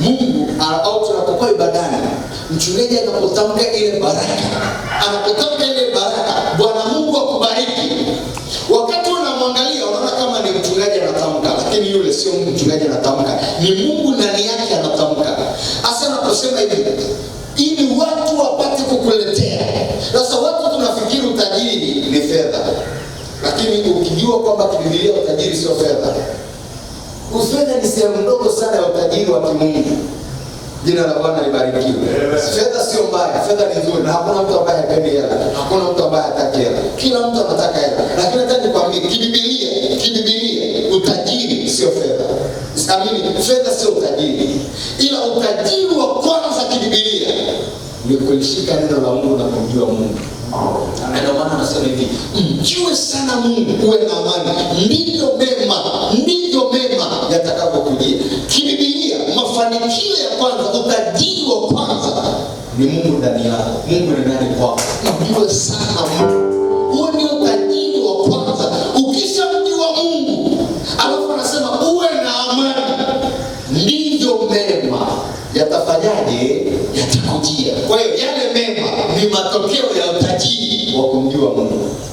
Mungu au tunapokuwa ibadani, mchungaji anapotamka ile baraka, anapotamka ile baraka, Bwana Mungu akubariki. Wakati unamwangalia unaona kama ni mchungaji anatamka, lakini yule sio mchungaji anatamka, ni Mungu ndani yake anatamka. Hasa anaposema hivi ili watu wapate kukuletea. Sasa watu tunafikiri utajiri ni fedha, lakini ukijua kwamba kibibilia utajiri sio fedha Usweda ni sehemu ndogo sana ya utajiri wa kimungu. Jina la Bwana libarikiwe. Fedha sio mbaya, fedha ni nzuri, na hakuna mtu ambaye hapendi hela, hakuna mtu ambaye hataki hela, kila mtu anataka hela. Lakini nataka nikwambie kibibilia, kibibilia utajiri sio fedha. Amini, fedha sio utajiri, ila utajiri wa kwanza kibibilia ni kulishika neno la Mungu na kumjua Mungu. Ndio maana anasema hivi, mjue sana Mungu uwe na amani, ndio mafanikio ya kwanza, utajiri wa kwanza ni Mungu ndani yako. Mungu ni nani kwako, ujue sana Mungu. Huo ni utajiri wa kwanza. Ukishamjua Mungu alafu anasema uwe na amani, ndivyo mema yatafanyaje? Yatakujia. Kwa hiyo yale mema ni matokeo ya utajiri wa kumjua Mungu.